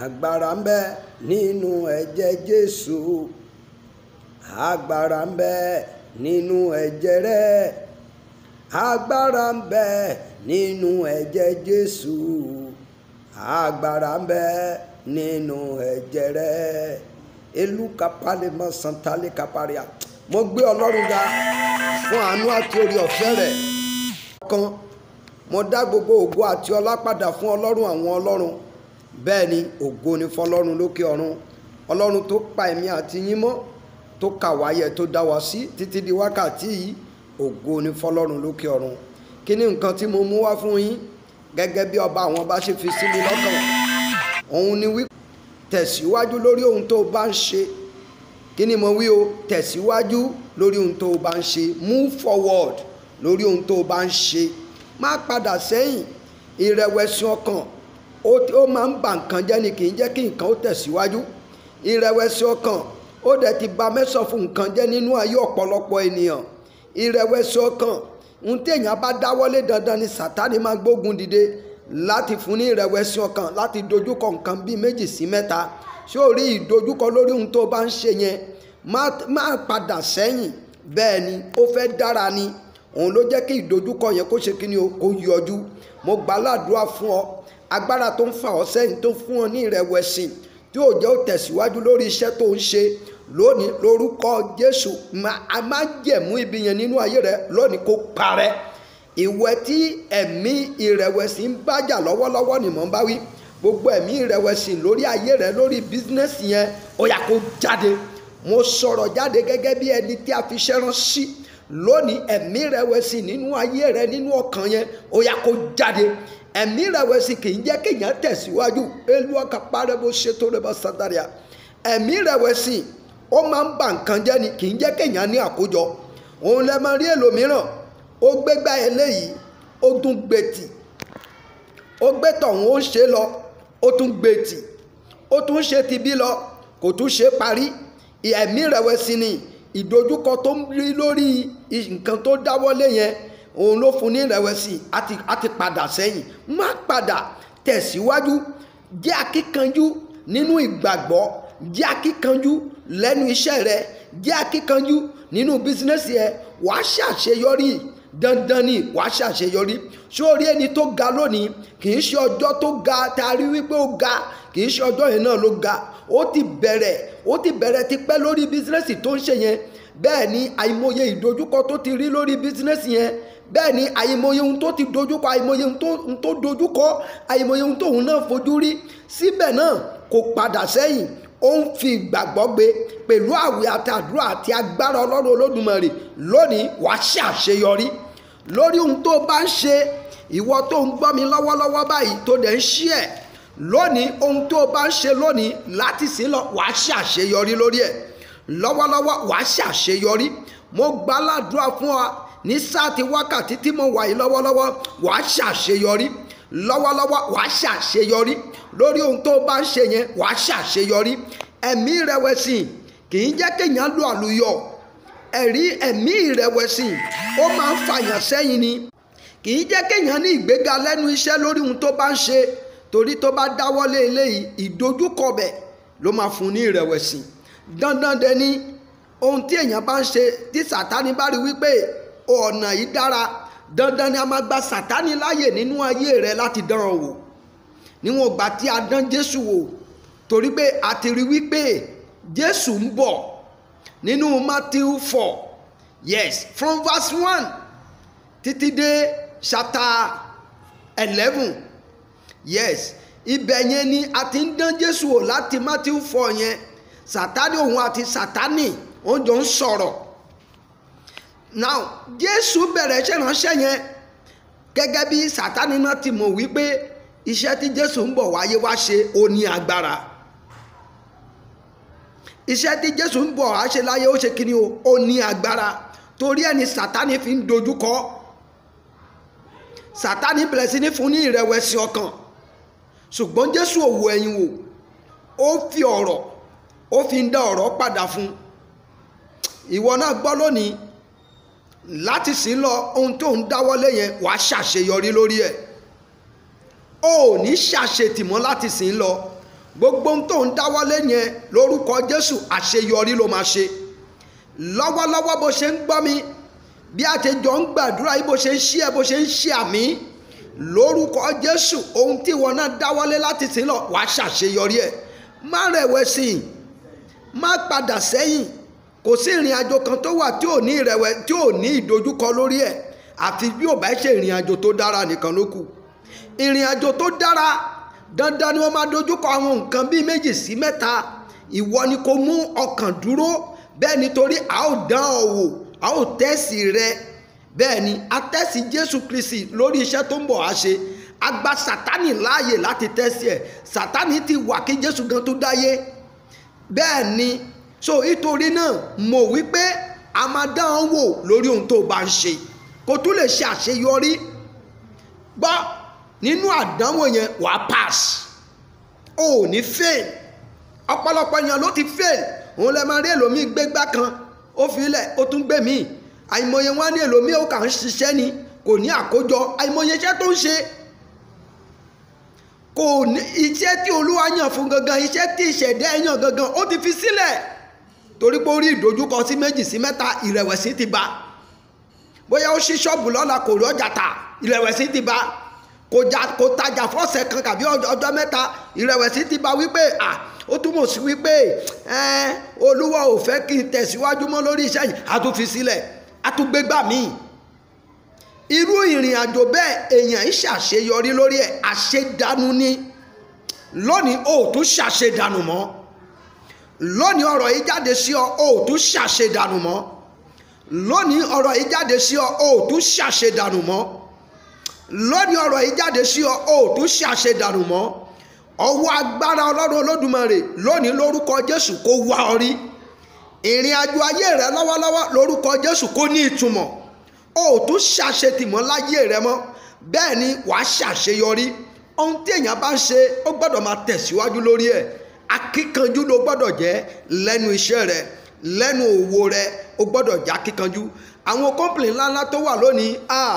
agbára ń bẹ nínú ẹ̀jẹ̀ Jésù agbára ń bẹ nínú ẹ̀jẹ̀ rẹ̀ agbára ń bẹ nínú ẹ̀jẹ̀ Jésù agbára ń bẹ nínú ẹ̀jẹ̀ rẹ̀ elu kapale mọ le kapare a mo gbé Ọlọ́run ga fún àánú àti orí ọ̀fẹ́ rẹ̀ kan mo dá gbogbo ògo àti ọlá padà fún Ọlọ́run àwọn ọlọ́run bẹ́ẹ̀ ni ògo ni fọlọ́run lókè ọ̀run ọlọ́run tó pa ẹ̀mí àti yín mọ́ tó kà wáyẹ tó dá wa sí títí di wákàtí yìí ògo ni fọlọ́run lókè ọ̀run kí ni nǹkan tí mo mú wá fún yín gẹ́gẹ́ bí ọba àwọn bá ṣe fi sí mi lọ́kàn òun ni wí tẹ̀síwájú lórí ohun tó bá ń ṣe kí ni mo wí o tẹ̀síwájú lórí ohun tó bá ń ṣe move forward lórí ohun tó bá ń ṣe má padà sẹ́yìn ìrẹ̀wẹ̀sì ọkàn ó máa ń ba nǹkan jẹ́ ni kì í jẹ́ kí nǹkan ó tẹ̀síwájú ìrẹ̀wẹ̀sì ọkàn ó dẹ̀ ti ba mẹ́sàn-án nǹkan jẹ́ nínú ayé ọ̀pọ̀lọpọ̀ ènìyàn ìrẹ̀wẹ̀sì ọkàn ohun téèyàn bá dáwọ́lé dandan ni sátani máa gbógun dìde láti fún ní ìrẹ̀wẹ̀sì ọkàn láti dojúkọ nǹkan bíi méjì sí mẹ́ta ṣé o rí ìdojúkọ lórí ohun tó bá ń ṣe yẹn má padà sẹ́yìn bẹ́ẹ̀ ni ó fẹ́ dára ni òun ló jẹ́ kí ìdojúkọ yẹn kó ṣe kí ni o kó yọjú mo gbàládùá fún ọ agbára tó ń fa ọ sẹ́yìn tó fún ọ ní ìrẹ̀wẹ̀sì tí ò jẹ́ ò tẹ̀síwájú lórí iṣẹ́ tó ń ṣe lónìí lórúkọ Jésù a máa jẹ̀mú ibi yẹn nínú ayé rẹ lónìí kó parẹ́ ìwẹ tí ẹ̀mí ìrẹ̀wẹ̀sì ń bájà lọ́wọ́lọ́wọ́ ni mò ń bá wí gbogbo ẹ̀mí ìrẹ̀wẹ̀sì lórí ayé rẹ lórí bísínẹ́sì yẹn ó yá kó jáde mo sọ̀rọ̀ jáde gẹ́gẹ́ bí ẹni tí a fi ṣẹ́ sí lónìí ẹ̀mí ìrẹ̀wẹ̀sì nínú ayé rẹ nínú ọkàn yẹn ó yá kó jáde ẹ̀mí rẹ̀wẹ̀sì kì í jẹ́ kéèyàn tẹ̀síwájú elu ọkà parẹ́bó ṣètò rẹ̀ bá sátárìà ẹ̀mí rẹ̀wẹ̀sì ó máa ń ba nǹkan jẹ́ ni kì í jẹ́ kéèyàn ní àkójọ òun lẹ máa rí ẹlòmíràn ó gbégbá eléyìí ó tún gbètì ó gbé tọ̀hún ó ń ṣe lọ ó tún gbètì ó tún ṣe ti bí lọ kò tún ṣe parí ẹ̀mí rẹ̀wẹ̀sì ni ìdojúkọ tó ń rí lórí nǹkan tó dáwọ́lé yẹn òun ló fún ní ìrẹ̀wẹ̀sì àti padà sẹ́yìn má padà tẹ̀síwájú jẹ́ akíkanjú nínú ìgbàgbọ́ jẹ́ akíkanjú lẹ́nu iṣẹ́ rẹ jẹ́ akíkanjú nínú bísínẹ́sì ẹ wàá ṣàṣeyọrí dandan ni wàá ṣàṣeyọrí sórí ẹni tó ga lónìí kì í ṣe ọjọ́ tó ga tá rí wípé ó ga kì í ṣe ọjọ́ yẹn náà ló ga ó ti bẹ̀rẹ̀ ó ti bẹ̀rẹ̀ tipẹ́ lórí bísínẹ́sì tó ń ṣe yẹn bẹ́ẹ̀ ni àìmọye ìdojúkọ tó ti rí lórí bísínẹ́sì yẹn bẹ́ẹ̀ ni àìmọye ohun tó ti dojúkọ àìmọye ohun tó dojúkọ àìmọye ohun tóun náà fojú rí síbẹ̀ náà kò padà sẹ́yìn ó ń fi ìgbàgbọ́ gbé pẹ̀lú àwẹ̀ àti àdúrà àti agbára ọlọ́run olódùmarè lónìí wàá ṣe àṣeyọrí lórí ohun tó bá ń ṣe ìwọ tó ń gbọ́ mi lọ́wọ́lọ́wọ́ báyìí tó dẹ̀ ń ṣí ẹ̀ lónìí ohun tó bá ń ṣe lónìí láti sí lọ wàá ṣe àṣeyọrí lórí ẹ̀ lọ́wọ́lọ́wọ́ wàá ṣe àṣeyọrí mo gbàládùra fún ọ ní sáà tí wákàtí tí mo wà yìí lọ́wọ́lọ́wọ́ wàá ṣàṣeyọrí lọ́wọ́lọ́wọ́ wàá ṣàṣeyọrí lórí ohun tó bá ń ṣe yẹn wàá ṣàṣeyọrí ẹ̀mí ìrẹ̀wẹ̀sì kì í jẹ́ kéèyàn lu àlùyọ ẹ̀rí ẹ̀mí ìrẹ̀wẹ̀sì ó máa ń fàyàn sẹ́yìn ni kì í jẹ́ kéèyàn ní ìgbéga lẹ́nu iṣẹ́ lórí ohun tó bá ń ṣe torí tó bá dáwọ́lé eléyìí ìdojúkọ bẹ̀ ló máa fún ní ìrẹ̀wẹ̀sì dandan dẹni ohun tí èèyàn bá ń ṣe tí sàtánì bá rí wípé ọ̀nà yìí dára dandan ni a máa gba sàtánì láàyè nínú ayé rẹ láti dán ọ wò níwọ̀n ìgbà tí a dán jésù wò torí pé a ti rí wípé jésù ń bọ̀ nínú matthew four yes from verse one títí dé chapter eleven yes ibẹ̀ yẹn ni a ti ń dán jésù wò láti matthew four yẹn sàtánì òun àti sàtánì òun jọ ń sọ̀rọ̀ now jésù bẹ̀rẹ̀ iṣẹ́ ránṣẹ́ yẹn gẹ́gẹ́ bí sátánì náà ti mọ̀ wípé iṣẹ́ tí jésù ń bọ̀ wáyé wá ṣe ó ní agbára iṣẹ́ tí jésù ń bọ̀ wá ṣe láyé ó ṣe kíni o ó ní agbára torí ẹ̀ ni sátánì fi ń dojúkọ sátánì bẹ̀rẹ̀ sí ní fún ní ìrẹ̀wẹ̀sì ọkàn ṣùgbọ́n jésù ò wo ẹ̀yìn wò ó fi ọ̀rọ̀ ó fi ń dá ọ̀rọ̀ padà fún ìwọ náà gbọ́ lónìí láti sí lọ ohun tó ń dáwọ́lé yẹn wàá ṣàṣeyọrí lórí ẹ̀ o ò ní ṣàṣetìmọ́ láti sí lọ gbogbo ohun tó ń dáwọ́lé yẹn lórúkọ Jésù àṣeyọrí ló máa ṣe lọ́wọ́lọ́wọ́ bó ṣe ń gbọ́ mi bí a ti jọ ń gbàdúrà yìí bó ṣe ń ṣí ẹ bó ṣe ń ṣí àmì lórúkọ Jésù ohun tí ìwọ náà dáwọ́lé láti sí lọ wàá ṣàṣeyọrí ẹ̀ má rẹ̀wẹ̀sì má padà sẹ́yìn kò sí ìrìn àjò kan tó wà tí ò ní ìrẹ̀wẹ̀ tí ò ní ìdojúkọ lórí ẹ̀ àti bí ò bá ṣe ìrìn àjò tó dára nìkan ló kù ìrìn àjò tó dára dandan ni wọ́n máa dojúkọ àwọn nǹkan bíi méjì sí mẹ́ta ìwọ ni kò mú ọkàn dúró bẹ́ẹ̀ nítorí a ó dán ọ wò a ó tẹ́sì rẹ bẹ́ẹ̀ ni a tẹ́sì Jésù Kristi lórí iṣẹ́ tó ń bọ̀ á ṣe a gba Sátánì láàyè láti tẹ́sì ẹ̀ Sátánì ti wà kí Jésù gan tó dáyé bẹ́ẹ̀ ni so nítorí náà mọ̀ wípé a máa dá wọn wò lórí ohun tó bá ń ṣe kó tún lè ṣe àṣeyọrí gbọ́ nínú àdánwò yẹn wàá pass o ò ní fail ọ̀pọ̀lọpọ̀ èèyàn ló ti fail òun lè máa rí èlòmíì gbégbá kan ó fi lẹ̀ ó tún gbé míì àìmọye wọn á ní èlòmíì ó kà ń ṣiṣẹ́ ni kò ní àkójọ àìmọye iṣẹ́ tó ń ṣe kò ní iṣẹ́ tí olúwa yàn fún gangan iṣẹ́ tí ìṣẹ̀dá yàn gangan ó ti fi sílẹ̀. Si torí pé ó rí ìdojúkọ sí méjì sí mẹ́ta ìrẹ̀wẹ̀sì ti bá bóyá ó ṣí ṣọ́ọ̀bù lọ́la kò rí ọjà tà ìrẹ̀wẹ̀sì ti bá kò tajà fọ́sẹ̀ kan tàbí ọjọ́ mẹ́ta ìrẹ̀wẹ̀sì ti bá wípé à ó túmọ̀ sí wípé olúwa ò fẹ́ kí n tẹ̀síwájú mọ́ lórí iṣẹ́ yìí a tún fi sílẹ̀ a tún gbégbà míì irú ìrìn àjò bẹ́ẹ̀ èèyàn ń ṣàṣeyọrí lórí ẹ̀ àṣedànù ni lónìí ó tún ṣàṣedànù mọ́ lónìí ọ̀rọ̀ yìí jáde sí ọ o ò tún ṣàṣe dànù mọ́ lónìí ọ̀rọ̀ yìí jáde sí ọ o ò tún ṣàṣe dànù mọ́ lónìí ọ̀rọ̀ yìí jáde sí ọ o ò tún ṣàṣe dànù mọ́ ọwọ́ agbára ọlọ́run olódùmarè lónìí lórúkọ jésù kó wá ọ rí ìrìn àjò ayé rẹ lọ́wọ́lọ́wọ́ lórúkọ jésù kó ní ìtumọ̀ o ò tún ṣàṣetìmọ́ láyé rẹ mọ́ bẹ́ẹ̀ ni wàá ṣàṣeyọrí ohun tí èèyàn bá ń ṣe ó gbọ́dọ̀ máa tẹ̀síwájú lórí ẹ̀ akíkanjú ló gbọ́dọ̀ jẹ́ lẹ́nu iṣẹ́ rẹ lẹ́nu òwò rẹ o gbọ́dọ̀ jẹ́ akíkanjú àwọn kọ́ńpìlì ńláńlá tó wà lónìí ah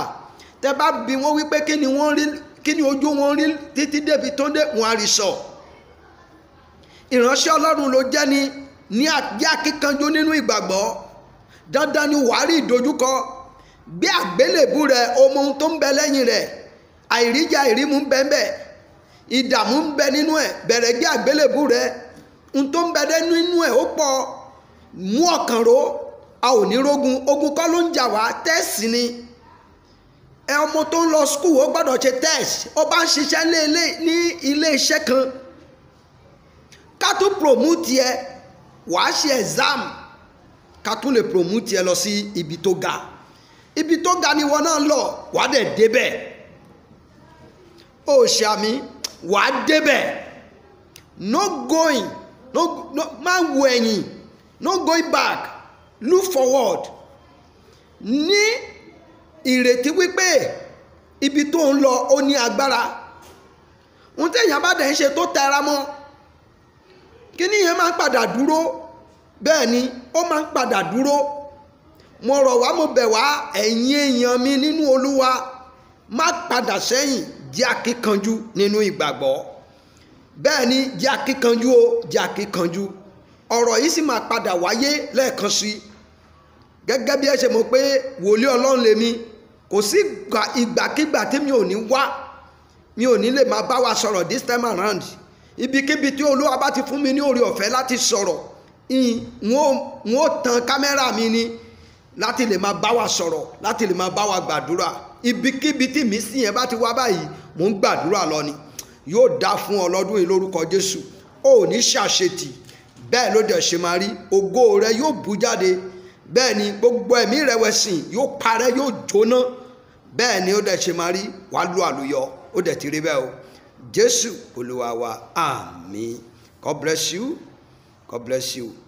tẹ bá bi wọ́n wípé kí ni wọ́n rí kí ni ojú wọn rí títí débi tó dé wọn àrìsọ ìránṣẹ́ ọlọ́run ló jẹ́ ni ní akíkanjú nínú ìgbàgbọ́ dandan ni wàá ìdojúkọ bí àgbélébù rẹ ohun tó ń bẹ lẹ́yìn rẹ àìríjà àìrímu ń bẹ ń bẹ́ẹ̀ ìdààmú ń bẹ nínú ẹ̀ bẹ̀rẹ̀ gé àgbélébù rẹ n tó ń bẹ nínú ó mú a ò ní ogun kọ́ ló ń jà wá ni ẹ ọmọ tó ń lọ skul ó gbọdọ ṣe tẹ́ẹ̀sì ó bá ń ṣiṣẹ́ ní ilé kan ká tún promote ẹ wàá ṣe exam ká tún lè promote ẹ lọ ibi tó ga ibi tó ga ni wọn náà lọ wàá dẹ̀ débẹ̀ ó ṣe wà á débẹ̀ no going no no má wo ẹ̀yìn no going back look forward ní ìrètí wípé ibi tó ń lọ ó ní agbára ohun téèyàn bá dẹ̀ ń ṣe tó tẹra mọ́ kí níyẹn máa ń padà dúró bẹ́ẹ̀ ni ó máa ń padà dúró mo rọ̀ wá mo bẹ̀ wá ẹ̀yin èèyàn mi nínú olúwa má padà sẹ́yìn jẹ́ akíkanjú nínú ìgbàgbọ́ bẹ́ẹ̀ ni jẹ́ akíkanjú o jẹ́ akíkanjú ọ̀rọ̀ yìí sì máa padà wáyé lẹ́ẹ̀kan sí gẹ́gẹ́ bí ẹ ṣe mọ̀ pé wòlíì ọlọ́run lèmi kò sí ìgbàkígbà tí mi ò ní wá mi ò ní lè máa bá wa sọ̀rọ̀ this time around ibikíbi tí olúwa bá ti fún mi ní oore ọ̀fẹ́ láti sọ̀rọ̀ n ó tan kámẹ́rà mi ni láti lè máa bá wa sọ̀rọ̀ láti lè máa bá wa gbàdúrà ibikíbi tí mi sí yẹn bá ti wá báyìí mò ń gbàdúrà lọ ni yóò dá fún ọ lọ́dún yìí lórúkọ Jésù ó ní ṣàṣetì bẹ́ẹ̀ ló dẹ̀ ṣe máa rí ògo rẹ yóò bú jáde bẹ́ẹ̀ ni gbogbo ẹ̀mí rẹ̀wẹ̀sìn yóò parẹ́ yóò jóná bẹ́ẹ̀ ni ó dẹ̀ ṣe máa rí wàá lu àlùyọ ó dẹ̀ ti rí bẹ́ẹ̀ o Jésù Olúwa wa àmín God bless you God bless you.